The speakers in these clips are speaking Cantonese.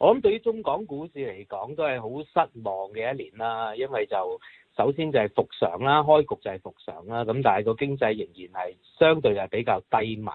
我諗對於中港股市嚟講，都係好失望嘅一年啦。因為就首先就係復常啦，開局就係復常啦。咁但係個經濟仍然係相對係比較低迷。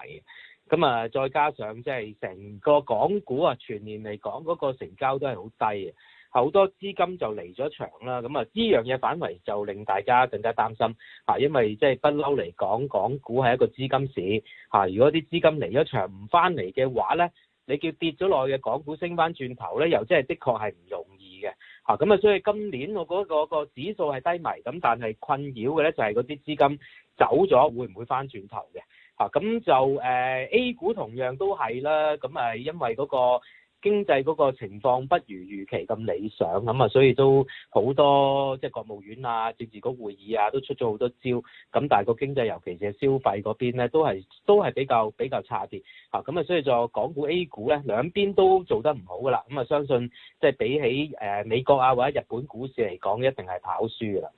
咁啊，再加上即係成個港股啊，全年嚟講嗰個成交都係好低，好多資金就離咗場啦。咁啊，呢樣嘢反為就令大家更加擔心嚇，因為即係不嬲嚟講，港股係一個資金市嚇。如果啲資金離咗場唔翻嚟嘅話咧，你叫跌咗落去嘅港股升翻轉頭呢，又真係的，的確係唔容易嘅，咁啊！所以今年我覺得嗰個指數係低迷，咁但係困擾嘅呢，就係嗰啲資金走咗，會唔會翻轉頭嘅？咁、啊、就誒、啊、A 股同樣都係啦，咁、啊、誒因為嗰、嗰個。經濟嗰個情況不如預期咁理想，咁啊，所以都好多即係、就是、國務院啊、政治局會議啊，都出咗好多招。咁但係個經濟，尤其是係消費嗰邊咧，都係都係比較比較差啲嚇。咁啊，所以就港股 A 股咧，兩邊都做得唔好噶啦。咁啊，相信即係、就是、比起、呃、美國啊或者日本股市嚟講，一定係跑輸噶啦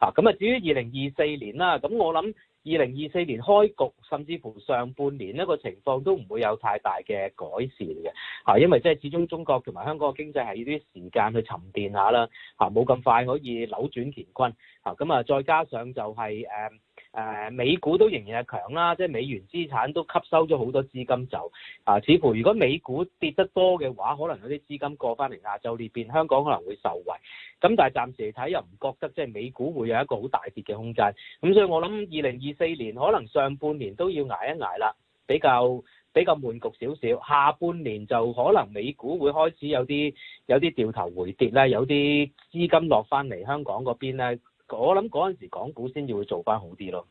嚇。咁啊，至於二零二四年啦，咁我諗。二零二四年開局，甚至乎上半年呢個情況都唔會有太大嘅改善嘅嚇，因為即係始終中國同埋香港嘅經濟係要啲時間去沉澱一下啦嚇，冇咁快可以扭轉乾坤嚇，咁啊再加上就係誒。誒、呃、美股都仍然係強啦，即係美元資產都吸收咗好多資金就啊、呃。似乎如果美股跌得多嘅話，可能有啲資金過翻嚟亞洲呢邊，香港可能會受惠。咁但係暫時睇又唔覺得即係美股會有一個好大跌嘅空間。咁所以我諗二零二四年可能上半年都要捱一捱啦，比較比較悶局少少。下半年就可能美股會開始有啲有啲掉頭回跌啦，有啲資金落翻嚟香港嗰邊咧。我諗嗰陣時港股先至會做翻好啲咯。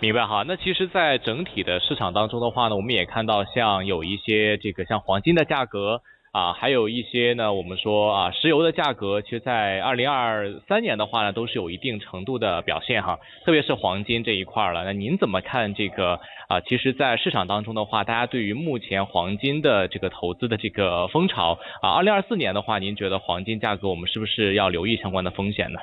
明白哈，那其實在整體的市場當中的話呢，我們也看到像有一些這個像黃金的價格啊，還有一些呢，我們說啊，石油的價格，其實在二零二三年的話呢，都是有一定程度的表現哈。特別是黃金這一塊兒了，那您怎麼看這個啊？其實在市場當中的話，大家對於目前黃金的這個投資的這個風潮啊，二零二四年的話，您覺得黃金價格我們是不是要留意相關的風險呢？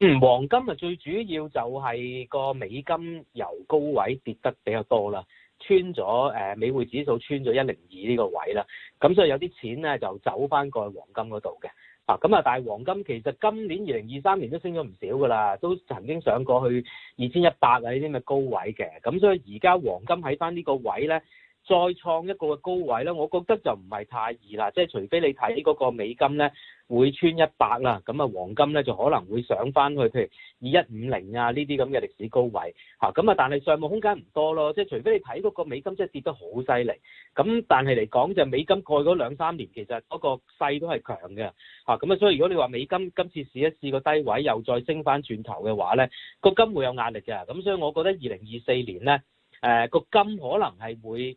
嗯，黃金啊，最主要就係個美金由高位跌得比較多啦，穿咗誒美匯指數穿咗一零二呢個位啦，咁所以有啲錢咧就走翻過去黃金嗰度嘅，啊咁啊，但係黃金其實今年二零二三年都升咗唔少㗎啦，都曾經上過去二千一百啊呢啲咁嘅高位嘅，咁所以而家黃金喺翻呢個位咧。再創一個嘅高位咧，我覺得就唔係太易啦，即係除非你睇嗰個美金咧會穿一百啦，咁啊黃金咧就可能會上翻去，譬如二一五零啊呢啲咁嘅歷史高位嚇，咁啊但係上望空間唔多咯，即係除非你睇嗰個美金即係跌得好犀利，咁但係嚟講就美金過去嗰兩三年其實嗰個勢都係強嘅嚇，咁啊所以如果你話美金今次試一試個低位又再升翻轉頭嘅話咧，個金會有壓力嘅，咁所以我覺得二零二四年咧誒個金可能係會。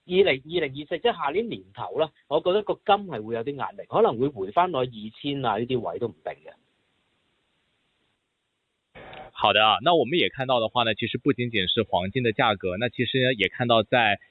二零二零二四即係下年年頭啦，我覺得個金係會有啲壓力，可能會回翻落去二千啊，呢啲位都唔定嘅。好的啊，那我們也看到的話呢，其實不僅僅是黃金的價格，那其實也看到在。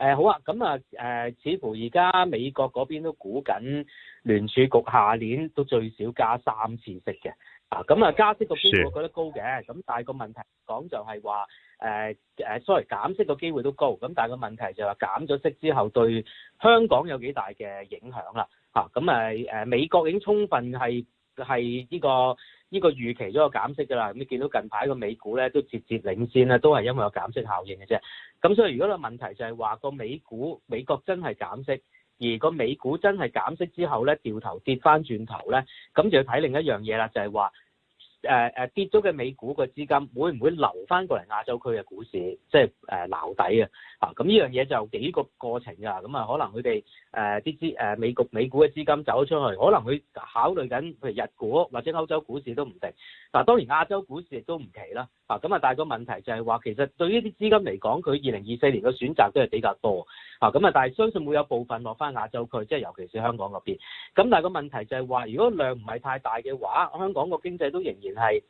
呃、好啊，咁啊、呃、似乎而家美國嗰邊都估緊聯儲局下年都最少加三次息嘅，啊，咁啊加息個機會我覺得高嘅，咁但係個問題講就係話、呃、Sorry 減息個機會都高，咁但係個問題就係減咗息之後對香港有幾大嘅影響啦，咁啊，啊，啊美國已經充分係。係呢，這個呢，這個預期咗個減息㗎啦，咁你見到近排個美股咧都節節領先咧，都係因為有減息效應嘅啫。咁所以如果個問題就係話個美股美國真係減息，而個美股真係減息之後咧掉頭跌翻轉頭咧，咁就要睇另一樣嘢啦，就係話誒誒跌咗嘅美股嘅資金會唔會流翻過嚟亞洲區嘅股市，即係誒撈底啊？啊，咁呢樣嘢就有幾個過程㗎，咁啊可能佢哋，誒啲資誒美國美股嘅資金走咗出去，可能佢考慮緊譬如日股或者歐洲股市都唔定。嗱，當然亞洲股市亦都唔奇啦。咁啊，但係個問題就係話，其實對於啲資金嚟講，佢二零二四年嘅選擇都係比較多。咁啊，但係相信會有部分落翻亞洲區，即係尤其是香港嗰邊。咁但係個問題就係話，如果量唔係太大嘅話，香港個經濟都仍然係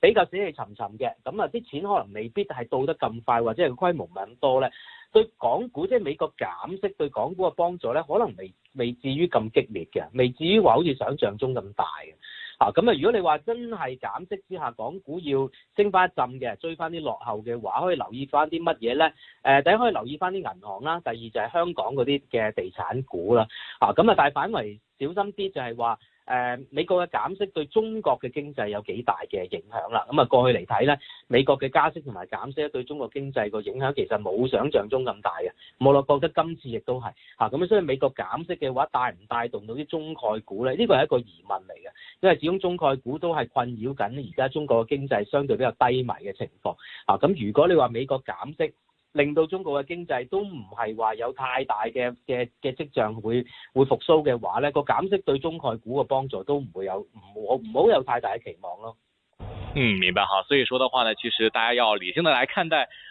比較死氣沉沉嘅。咁啊，啲錢可能未必係到得咁快，或者係個規模唔係咁多咧。對港股即係美國減息對港股嘅幫助咧，可能未未至於咁激烈嘅，未至於話好似想像中咁大嘅。啊，咁啊，如果你話真係減息之下，港股要升翻一陣嘅，追翻啲落後嘅話，可以留意翻啲乜嘢咧？誒、呃，第一可以留意翻啲銀行啦，第二就係香港嗰啲嘅地產股啦。啊，咁啊，大範圍小心啲，就係話。誒，美國嘅減息對中國嘅經濟有幾大嘅影響啦？咁啊，過去嚟睇咧，美國嘅加息同埋減息咧，對中國經濟個影響其實冇想象中咁大嘅，我覺得今次亦都係嚇咁，所以美國減息嘅話帶唔帶動到啲中概股咧？呢個係一個疑問嚟嘅，因為始終中概股都係困擾緊而家中國嘅經濟相對比較低迷嘅情況啊。咁如果你話美國減息，令到中國嘅經濟都唔係話有太大嘅嘅嘅跡象會會復甦嘅話咧，個減息對中概股嘅幫助都唔會有唔好唔好有太大嘅期望咯。嗯，明白哈，所以說的話呢，其實大家要理性地來看待。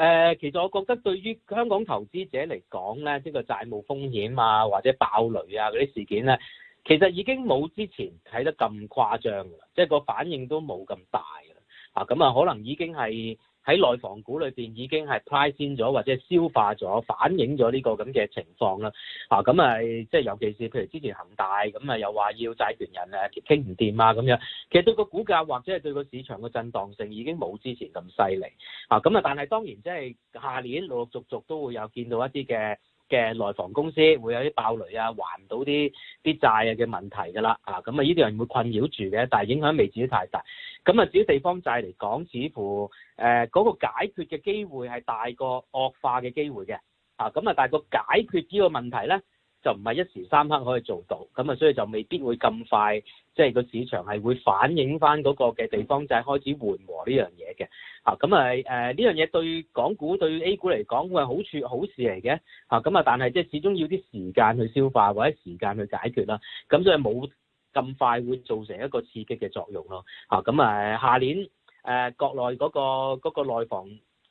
誒、呃，其實我覺得對於香港投資者嚟講呢，呢、呢個債務風險啊，或者爆雷啊嗰啲事件呢，其實已經冇之前睇得咁誇張啦，即係個反應都冇咁大啦。啊，咁啊，可能已經係，喺內房股裏邊已經係 price in 咗或者消化咗，反映咗呢個咁嘅情況啦。啊、哦，咁、嗯、啊，即、就、係、是、尤其是譬如之前恒大咁啊、嗯，又話要債權人不啊傾唔掂啊咁樣，其實對個股價或者係對個市場個震盪性已經冇之前咁犀利。啊、哦，咁、嗯、啊，但係當然即係下年陸陸續續都會有見到一啲嘅。嘅內房公司會有啲爆雷啊，還唔到啲啲債啊嘅問題㗎啦，啊咁啊呢啲人會困擾住嘅，但係影響未至於太大。咁啊，對於地方債嚟講，似乎誒嗰個解決嘅機會係大過惡化嘅機會嘅，啊咁啊，大過解決呢個問題咧。就唔係一時三刻可以做到，咁啊，所以就未必會咁快，即係個市場係會反映翻嗰個嘅地方就係開始緩和呢樣嘢嘅，嚇咁啊，誒呢樣嘢對港股對 A 股嚟講，係好處好事嚟嘅，嚇咁啊，但係即係始終要啲時間去消化或者時間去解決啦，咁所以冇咁快會造成一個刺激嘅作用咯，嚇咁啊，下年誒國內嗰個嗰個內房。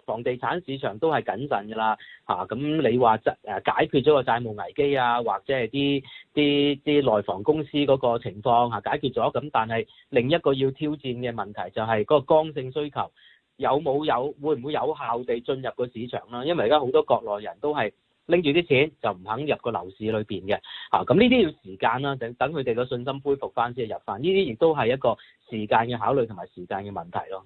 房地產市場都係謹慎㗎啦，嚇、啊、咁你話債解決咗個債務危機啊，或者係啲啲啲內房公司嗰個情況嚇、啊、解決咗咁，但係另一個要挑戰嘅問題就係嗰個剛性需求有冇有，有會唔會有效地進入個市場啦？因為而家好多國內人都係拎住啲錢就唔肯入個樓市裏邊嘅嚇，咁呢啲要時間啦，等等佢哋個信心恢復翻先入翻，呢啲亦都係一個時間嘅考慮同埋時間嘅問題咯。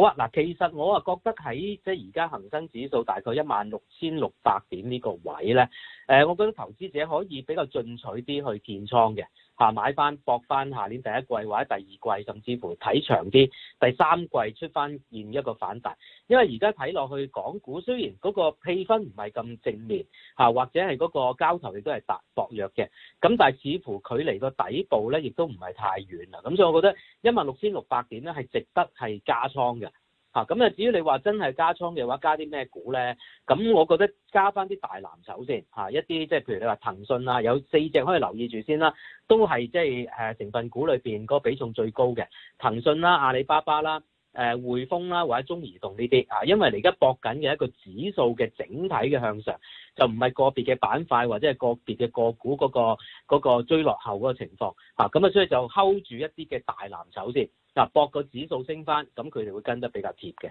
好啊，嗱，其實我啊覺得喺即係而家恒生指數大概一萬六千六百點呢個位咧，誒，我覺得投資者可以比較進取啲去建倉嘅。吓，買翻搏翻下年第一季或者第二季，甚至乎睇長啲第三季出翻現一個反彈。因為而家睇落去港股雖然嗰個氣氛唔係咁正面吓，或者係嗰個交投亦都係淡薄弱嘅，咁但係似乎距離個底部咧亦都唔係太遠啦。咁所以我覺得一萬六千六百點咧係值得係加倉嘅。咁啊，至於你話真係加倉嘅話，加啲咩股咧？咁我覺得加翻啲大藍籌先吓，一啲即係譬如你話騰訊啊，有四隻可以留意住先啦，都係即係成分股裏面個比重最高嘅騰訊啦、阿里巴巴啦、誒匯豐啦或者中移動呢啲啊，因為你而家搏緊嘅一個指數嘅整體嘅向上，就唔係個別嘅板塊或者係個別嘅個股嗰個嗰個追落後個情況，咁啊，所以就睺住一啲嘅大藍籌先。嗱，博個指數升翻，咁佢哋會跟得比較貼嘅。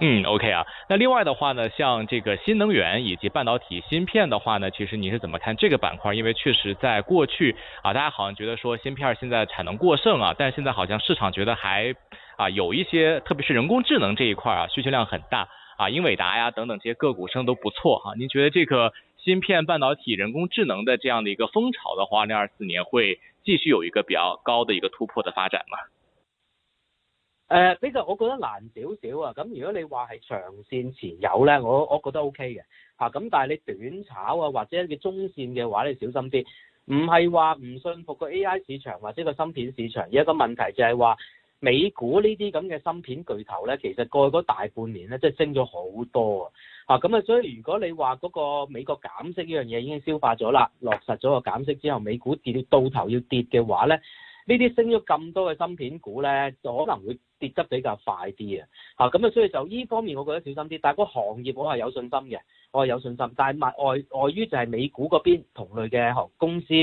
嗯，OK 啊。那另外的話呢，像這個新能源以及半導體芯片的話呢，其實你是怎麼看這個板塊？因為確實在過去啊，大家好像覺得說芯片現在產能過剩啊，但是現在好像市場覺得還啊有一些，特別是人工智能這一塊啊，需求量很大啊，英偉達呀等等這些個股升都不錯，啊，哈，您覺得這個芯片、半導體、人工智能的這樣的一個風潮的話，二零二四年會繼續有一個比較高的一個突破的發展嗎？誒、呃、比較我覺得難少少啊。咁如果你話係長線持有呢，我我覺得 O K 嘅嚇。咁、啊、但係你短炒啊，或者嘅中線嘅話，你小心啲。唔係話唔信服個 A I 市場或者個芯片市場。而家個問題就係話，美股呢啲咁嘅芯片巨頭呢，其實過去嗰大半年呢，即係升咗好多啊。嚇咁啊，所以如果你話嗰個美國減息呢樣嘢已經消化咗啦，落實咗個減息之後，美股跌到頭要跌嘅話呢，呢啲升咗咁多嘅芯片股呢，就可能會跌得比較快啲啊，嚇咁啊，所以就呢方面我覺得小心啲。但係個行業我係有信心嘅，我係有信心。但係外外外於就係美股嗰邊同類嘅學公司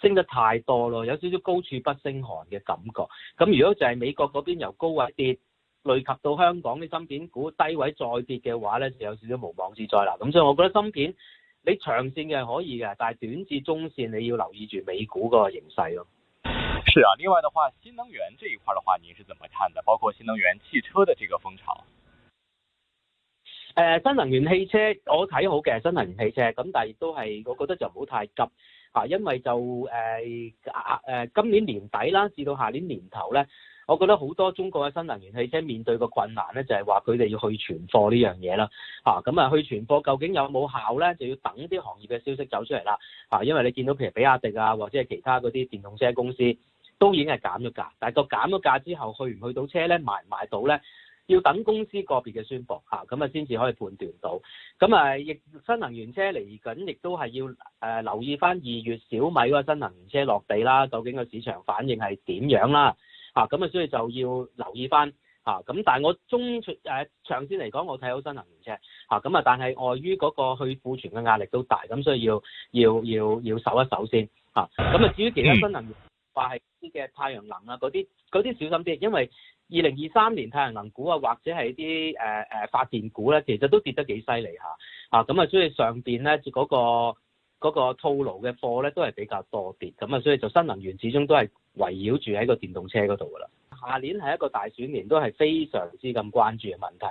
升得太多咯，有少少高處不勝寒嘅感覺。咁如果就係美國嗰邊由高位跌累及到香港啲芯片股低位再跌嘅話咧，就有少少無妄之災啦。咁所以我覺得芯片你長線嘅係可以嘅，但係短至中線你要留意住美股個形勢咯。是啊，另外的話，新能源這一塊的話，您是怎麼看的？包括新能源汽車的這個風潮。誒、呃，新能源汽車我睇好嘅，新能源汽車咁，但係都係我覺得就唔好太急啊，因為就誒誒、呃啊呃，今年年底啦，至到下年年頭咧，我覺得好多中國嘅新能源汽車面對個困難咧，就係話佢哋要去存貨呢樣嘢啦。咁啊，啊去存貨究竟有冇效咧？就要等啲行業嘅消息走出嚟啦，啊。因為你見到譬如比亞迪啊，或者係其他嗰啲電動車公司。當然係減咗價，但係個減咗價之後去唔去到車咧，買唔買到咧，要等公司個別嘅宣佈嚇，咁啊先至可以判斷到。咁啊，亦新能源車嚟緊亦都係要誒、呃、留意翻二月小米嗰個新能源車落地啦，究竟個市場反應係點樣啦？嚇、啊、咁啊，所以就要留意翻嚇。咁但係我中誒長線嚟講，我睇好新能源車嚇。咁啊，但係、呃啊、外於嗰個去庫存嘅壓力都大，咁所以要要要要守一守先嚇。咁啊，啊，至於其他新能源。嗯話係啲嘅太陽能啊，嗰啲啲小心啲，因為二零二三年太陽能股啊，或者係啲誒誒發電股咧，其實都跌得幾犀利吓，啊咁啊，所以上邊咧嗰個、嗰個套牢嘅貨咧都係比較多啲，咁啊所以就新能源始終都係圍繞住喺個電動車嗰度噶啦，下年係一個大選年，都係非常之咁關注嘅問題。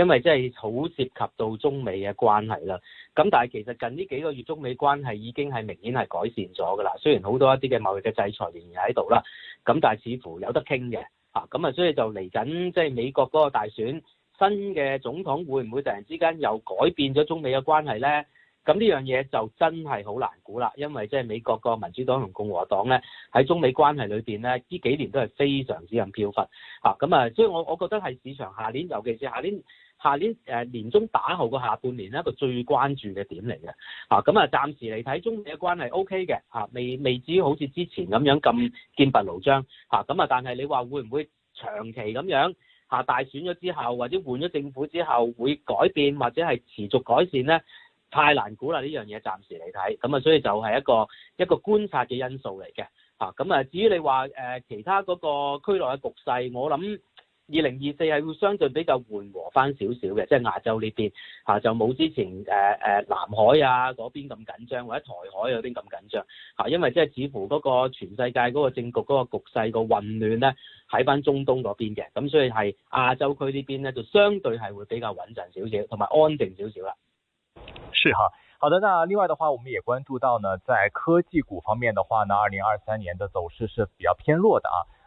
因為真係好涉及到中美嘅關係啦，咁但係其實近呢幾個月中美關係已經係明顯係改善咗㗎啦，雖然好多一啲嘅貿易嘅制裁仍然喺度啦，咁但係似乎有得傾嘅嚇，咁啊所以就嚟緊即係美國嗰個大選，新嘅總統會唔會突然之間又改變咗中美嘅關係咧？咁呢樣嘢就真係好難估啦，因為即係美國個民主黨同共和黨咧喺中美關係裏邊咧，呢幾年都係非常之咁飄忽嚇，咁啊所以我我覺得係市場下年，尤其是下年。下年、呃、年中打後個下半年咧，一個最關注嘅點嚟嘅嚇，咁啊暫、嗯、時嚟睇中美嘅關係 O K 嘅嚇，未未至於好似之前咁樣咁劍拔弩張嚇，咁啊但係你話會唔會長期咁樣嚇、啊、大選咗之後或者換咗政府之後會改變或者係持續改善咧？太難估啦呢樣嘢，暫時嚟睇，咁啊所以就係一個一個觀察嘅因素嚟嘅嚇，咁啊、嗯、至於你話誒、呃、其他嗰個區內嘅局勢，我諗。二零二四係會相對比較緩和翻少少嘅，即係亞洲呢邊嚇就冇之前誒誒、呃、南海啊嗰邊咁緊張，或者台海嗰邊咁緊張嚇，因為即係似乎嗰個全世界嗰個政局嗰個局勢個混亂呢，喺翻中東嗰邊嘅，咁所以係亞洲區呢邊呢，就相對係會比較穩陣少少，同埋安定少少啦。是哈，好的，那另外的話，我們也關注到呢，在科技股方面的話呢，二零二三年的走勢是比較偏弱的啊。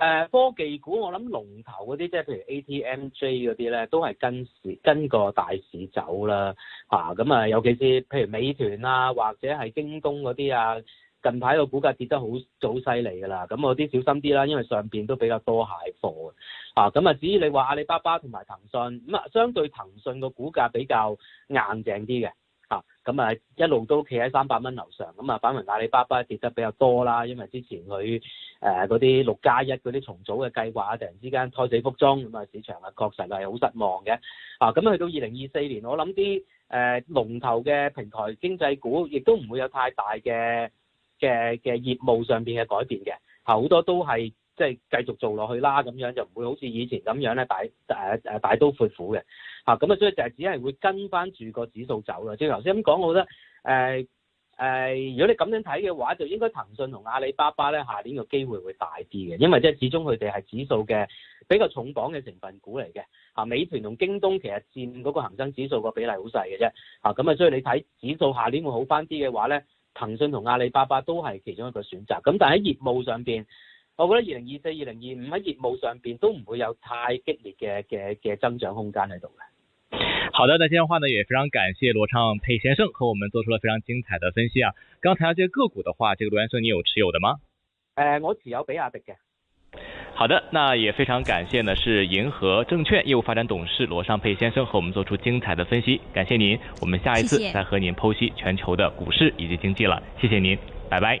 誒科技股，我諗龍頭嗰啲，即係譬如 ATMJ 嗰啲咧，都係跟市跟個大市走啦，嚇咁啊，尤其是譬如美團啊，或者係京東嗰啲啊，近排個股價跌得好，好犀利噶啦，咁我啲小心啲啦，因為上邊都比較多鞋貨嘅，啊咁啊，至於你話阿里巴巴同埋騰訊，咁啊相對騰訊個股價比較硬淨啲嘅。啊，咁啊一路都企喺三百蚊樓上，咁啊反而阿里巴巴跌得比較多啦，因為之前佢誒嗰啲六加一嗰啲重組嘅計劃，突然之間胎死腹中，咁啊市場啊確實係好失望嘅。啊，咁去到二零二四年，我諗啲誒龍頭嘅平台經濟股，亦都唔會有太大嘅嘅嘅業務上面嘅改變嘅，啊，好多都係。即係繼續做落去啦，咁樣就唔會好似以前咁樣咧大誒誒大刀闊斧嘅嚇咁啊，所以就係只係會跟翻住個指數走啦。即係頭先咁講，我覺得誒誒，如果你咁樣睇嘅話，就應該騰訊同阿里巴巴咧，下年個機會會大啲嘅，因為即係始終佢哋係指數嘅比較重磅嘅成分股嚟嘅嚇。美團同京東其實佔嗰個恆生指數個比例好細嘅啫嚇，咁啊，啊，所以你睇指數下年會好翻啲嘅話咧，騰訊同阿里巴巴都係其中一個選擇。咁、啊、但喺業務上邊。我覺得二零二四、二零二五喺業務上邊都唔會有太激烈嘅嘅嘅增長空間喺度嘅。好的，那今天話呢，也非常感謝羅尚沛先生和我們做出了非常精彩的分析啊。剛才呢，這些個，個股的話，這個羅先生你有持有的嗎？呃，我持有比亞迪嘅。好的，那也非常感謝呢，是銀河證券業務發展董事羅尚沛先生和我們做出精彩的分析，感謝您。我們下一次再和您剖析全球的股市以及經濟啦，謝謝您，拜拜。